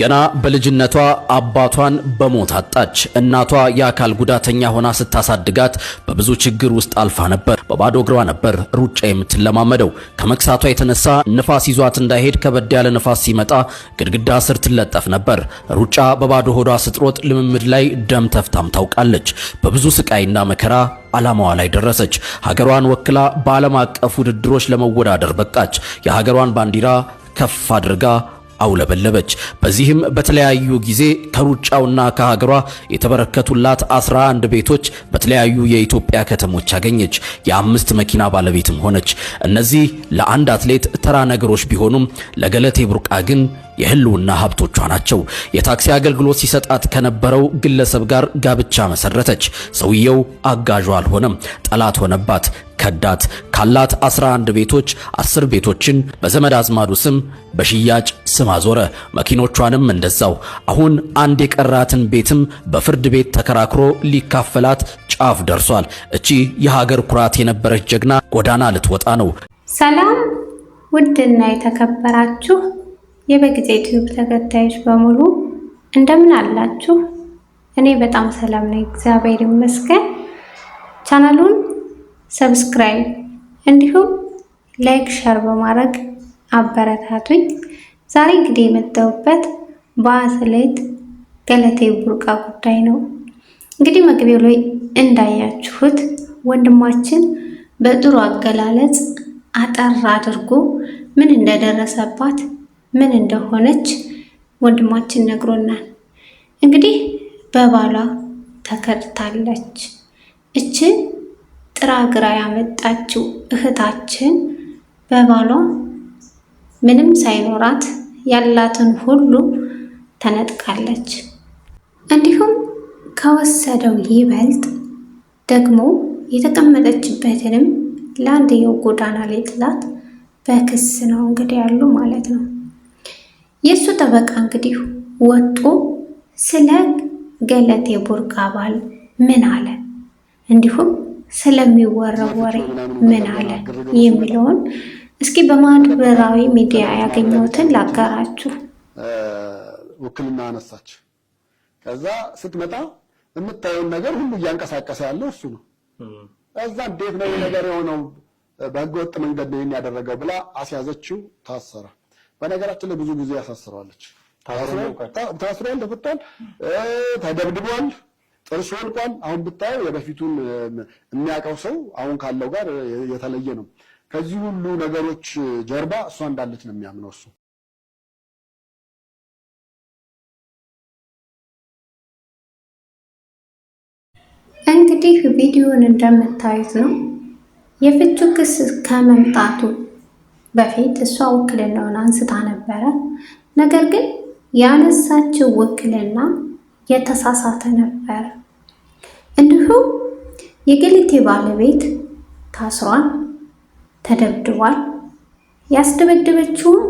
ገና በልጅነቷ አባቷን በሞት አጣች። እናቷ የአካል ጉዳተኛ ሆና ስታሳድጋት በብዙ ችግር ውስጥ አልፋ ነበር። በባዶ እግሯ ነበር ሩጫ የምትለማመደው። ከመክሳቷ የተነሳ ንፋስ ይዟት እንዳይሄድ ከበድ ያለ ንፋስ ሲመጣ ግድግዳ ስር ትለጠፍ ነበር። ሩጫ በባዶ ሆዷ ስትሮጥ ልምምድ ላይ ደም ተፍታም ታውቃለች። በብዙ ስቃይና መከራ ዓላማዋ ላይ ደረሰች። ሀገሯን ወክላ በዓለም አቀፍ ውድድሮች ለመወዳደር በቃች። የሀገሯን ባንዲራ ከፍ አድርጋ አውለበለበች። በዚህም በተለያዩ ጊዜ ከሩጫውና ከሀገሯ የተበረከቱላት አስራ አንድ ቤቶች በተለያዩ የኢትዮጵያ ከተሞች አገኘች። የአምስት መኪና ባለቤትም ሆነች። እነዚህ ለአንድ አትሌት ተራ ነገሮች ቢሆኑም ለገለቴ ቡርቃ ግን የህልውና ሀብቶቿ ናቸው። የታክሲ አገልግሎት ሲሰጣት ከነበረው ግለሰብ ጋር ጋብቻ መሰረተች። ሰውየው አጋዧ አልሆነም፣ ጠላት ሆነባት። ከዳት። ካላት 11 ቤቶች 10 ቤቶችን በዘመድ አዝማዱ ስም በሽያጭ ስም አዞረ። መኪኖቿንም እንደዛው። አሁን አንድ የቀራትን ቤትም በፍርድ ቤት ተከራክሮ ሊካፈላት ጫፍ ደርሷል። እቺ የሀገር ኩራት የነበረች ጀግና ጎዳና ልትወጣ ነው። ሰላም ውድና የተከበራችሁ የበጊዜ ዩቲዩብ ተከታዮች በሙሉ እንደምን አላችሁ? እኔ በጣም ሰላም ነኝ፣ እግዚአብሔር ይመስገን። ቻናሉን ሰብስክራይብ እንዲሁም ላይክ ሸር በማድረግ አበረታቱኝ። ዛሬ እንግዲህ የመጣሁበት በአትሌት ገለቴ ቡርቃ ጉዳይ ነው። እንግዲህ መግቢያው ላይ እንዳያችሁት ወንድማችን በጥሩ አገላለጽ አጠር አድርጎ ምን እንደደረሰባት ምን እንደሆነች ወንድማችን ነግሮናል። እንግዲህ በባሏ ተከድታለች። እች ጥራ ግራ ያመጣችው እህታችን በባሏ ምንም ሳይኖራት ያላትን ሁሉ ተነጥቃለች። እንዲሁም ከወሰደው ይበልጥ ደግሞ የተቀመጠችበትንም ለአንድየው ጎዳና ላይ ጥላት በክስ ነው እንግዲህ ያሉ ማለት ነው። የእሱ ጠበቃ እንግዲህ ወጡ ስለ ገለቴ ቡርቃ ባል ምን አለ እንዲሁም ስለሚወራው ወሬ ምን አለ የሚለውን እስኪ በማህበራዊ ሚዲያ ያገኘሁትን ላጋራችሁ። ውክልና አነሳች። ከዛ ስትመጣ የምታየውን ነገር ሁሉ እያንቀሳቀሰ ያለው እሱ ነው። ከዛ እንዴት ነው ነገር የሆነው? በህገወጥ መንገድ ነው ያደረገው ብላ አስያዘችው። ታሰረ። በነገራችን ላይ ብዙ ጊዜ ያሳስረዋለች። ታስሯል፣ ተፈቷል፣ ተደብድቧል እርሱ እንኳን አሁን ብታየው የበፊቱን የሚያውቀው ሰው አሁን ካለው ጋር የተለየ ነው። ከዚህ ሁሉ ነገሮች ጀርባ እሷ እንዳለች ነው የሚያምነው እሱ። እንግዲህ ቪዲዮን እንደምታዩት ነው። የፍቹ ክስ ከመምጣቱ በፊት እሷ ውክልናውን አንስታ ነበረ። ነገር ግን ያነሳችው ውክልና የተሳሳተ ነበር። እንዲሁም የገለቴ ባለቤት ታስሯል፣ ተደብድቧል። ያስደበደበችውም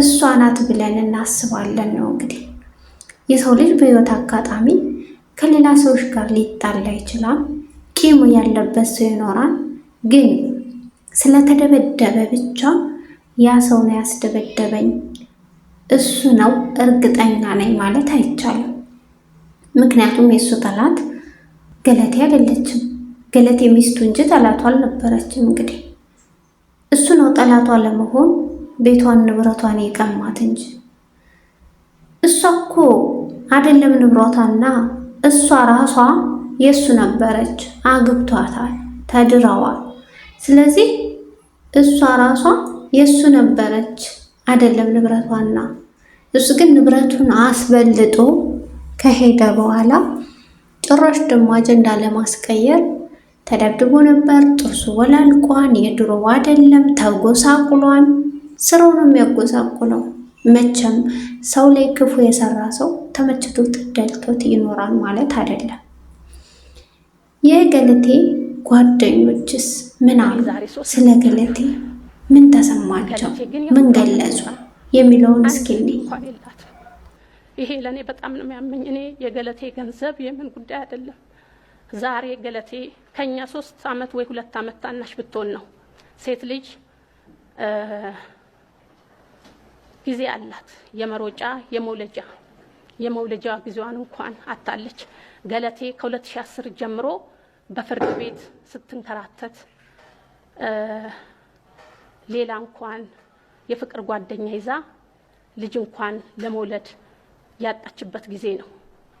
እሷ ናት ብለን እናስባለን ነው እንግዲህ የሰው ልጅ በህይወት አጋጣሚ ከሌላ ሰዎች ጋር ሊጣላ ይችላል። ቂሙ ያለበት ሰው ይኖራል። ግን ስለተደበደበ ብቻ ያ ሰው ነው ያስደበደበኝ እሱ ነው እርግጠኛ ነኝ ማለት አይቻልም። ምክንያቱም የእሱ ጠላት ገለቴ አይደለችም። ገለቴ ሚስቱ እንጂ ጠላቷ አልነበረችም። እንግዲህ እሱ ነው ጠላቷ ለመሆን ቤቷን ንብረቷን የቀማት እንጂ እሷ እኮ አይደለም ንብረቷና እሷ ራሷ የእሱ ነበረች። አግብቷታል፣ ተድረዋል። ስለዚህ እሷ ራሷ የእሱ ነበረች አይደለም ንብረቷና እሱ ግን ንብረቱን አስበልጦ ከሄደ በኋላ ጭራሽ ደግሞ አጀንዳ ለማስቀየር ተደብድቦ ነበር። ጥርሱ ወላልቋን፣ የድሮው አይደለም ተጎሳቁሏን። ስራው ነው የሚያጎሳቁለው። መቼም ሰው ላይ ክፉ የሰራ ሰው ተመችቶት ደልቶት ይኖራል ማለት አይደለም። የገለቴ ጓደኞችስ ምን አሉ? ስለ ገለቴ ምን ተሰማቸው? ምን ገለጹ? የሚለውን እስኪ ይሄ ለእኔ በጣም ነው የሚያመኝ። እኔ የገለቴ ገንዘብ የምን ጉዳይ አይደለም። ዛሬ ገለቴ ከኛ ሶስት አመት ወይ ሁለት አመት ታናሽ ብትሆን ነው ሴት ልጅ ጊዜ አላት የመሮጫ የመውለጃ የመውለጃ ጊዜዋን እንኳን አታለች። ገለቴ ከ2010 ጀምሮ በፍርድ ቤት ስትንከራተት ሌላ እንኳን የፍቅር ጓደኛ ይዛ ልጅ እንኳን ለመውለድ ያጣችበት ጊዜ ነው።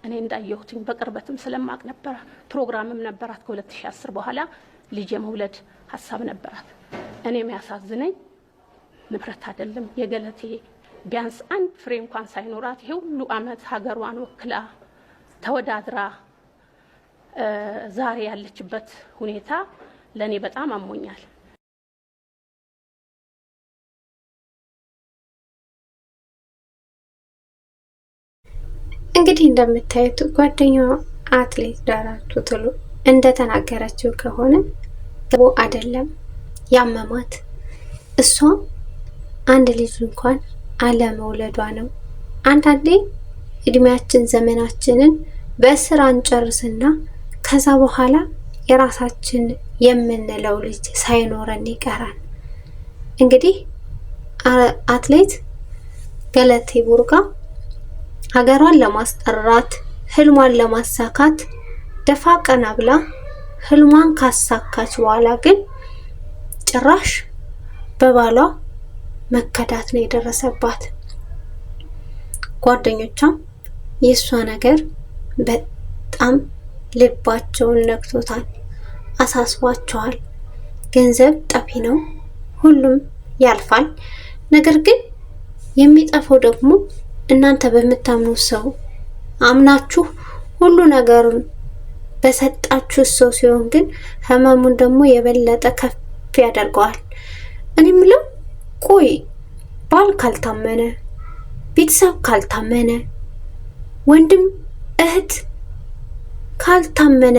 እኔ እንዳየሁትኝ በቅርበትም ስለማቅ ነበረ። ፕሮግራምም ነበራት ከ2010 በኋላ ልጅ የመውለድ ሀሳብ ነበራት። እኔ የሚያሳዝነኝ ንብረት አይደለም የገለቴ ቢያንስ አንድ ፍሬ እንኳን ሳይኖራት ይሄ ሁሉ አመት ሀገሯን ወክላ ተወዳድራ ዛሬ ያለችበት ሁኔታ ለእኔ በጣም አሞኛል። እንግዲህ እንደምታዩት ጓደኛው አትሌት ዳራቱ ቱሉ እንደተናገረችው ከሆነ ቦ አይደለም ያመማት እሷ አንድ ልጅ እንኳን አለመውለዷ ነው። አንዳንዴ እድሜያችን ዘመናችንን በስራ እንጨርስና ከዛ በኋላ የራሳችን የምንለው ልጅ ሳይኖረን ይቀራል። እንግዲህ አትሌት ገለቴ ቡርጋ ሀገሯን ለማስጠራት ህልሟን ለማሳካት ደፋ ቀና ብላ ህልሟን ካሳካች በኋላ ግን ጭራሽ በባሏ መከዳት ነው የደረሰባት። ጓደኞቿም የእሷ ነገር በጣም ልባቸውን ነክቶታል፣ አሳስቧቸዋል። ገንዘብ ጠፊ ነው፣ ሁሉም ያልፋል። ነገር ግን የሚጠፋው ደግሞ እናንተ በምታምኑት ሰው አምናችሁ ሁሉ ነገሩን በሰጣችሁ ሰው ሲሆን ግን ህመሙን ደግሞ የበለጠ ከፍ ያደርገዋል። እኔ ምለው ቆይ ባል ካልታመነ፣ ቤተሰብ ካልታመነ፣ ወንድም እህት ካልታመነ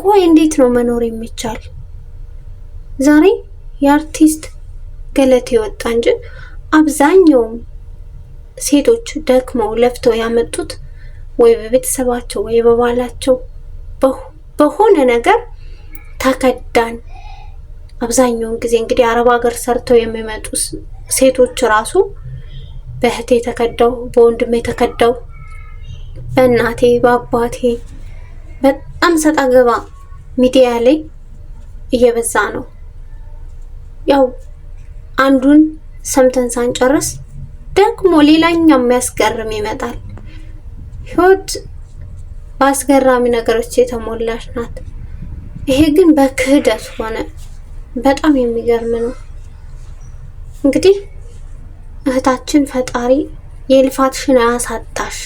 ቆይ እንዴት ነው መኖር የሚቻል? ዛሬ የአርቲስት ገለቴ ወጣ እንጂ አብዛኛውም ሴቶች ደክመው ለፍተው ያመጡት ወይ በቤተሰባቸው ወይ በባላቸው በሆነ ነገር ተከዳን። አብዛኛውን ጊዜ እንግዲህ አረብ ሀገር ሰርተው የሚመጡ ሴቶች ራሱ በእህቴ የተከዳው፣ በወንድሜ የተከዳው፣ በእናቴ በአባቴ በጣም ሰጣ ገባ ሚዲያ ላይ እየበዛ ነው። ያው አንዱን ሰምተን ሳንጨርስ ደግሞ ሌላኛው የሚያስገርም ይመጣል። ህይወት በአስገራሚ ነገሮች የተሞላች ናት። ይሄ ግን በክህደት ሆነ። በጣም የሚገርም ነው። እንግዲህ እህታችን ፈጣሪ የልፋትሽን አያሳጣሽ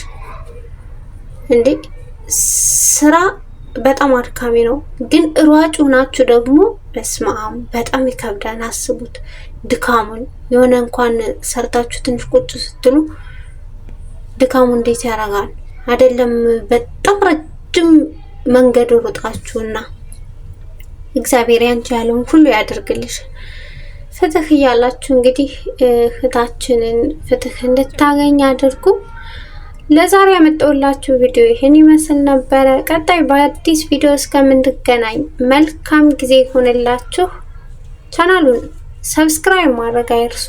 እንዴ ስራ በጣም አድካሚ ነው። ግን ሯጭ ሆናችሁ ደግሞ በስማም በጣም ይከብዳል። አስቡት ድካሙን። የሆነ እንኳን ሰርታችሁ ትንሽ ቁጭ ስትሉ ድካሙ እንዴት ያደርጋል አይደለም? በጣም ረጅም መንገድ ሩጣችሁና እግዚአብሔር ያንቺ ያለውን ሁሉ ያደርግልሽ። ፍትህ እያላችሁ እንግዲህ እህታችንን ፍትህ እንድታገኝ አድርጉ። ለዛሬ ያመጣሁላችሁ ቪዲዮ ይህን ይመስል ነበረ። ቀጣይ በአዲስ ቪዲዮ እስከምንገናኝ መልካም ጊዜ ይሁንላችሁ። ቻናሉን ሰብስክራይብ ማድረግ አይርሱ።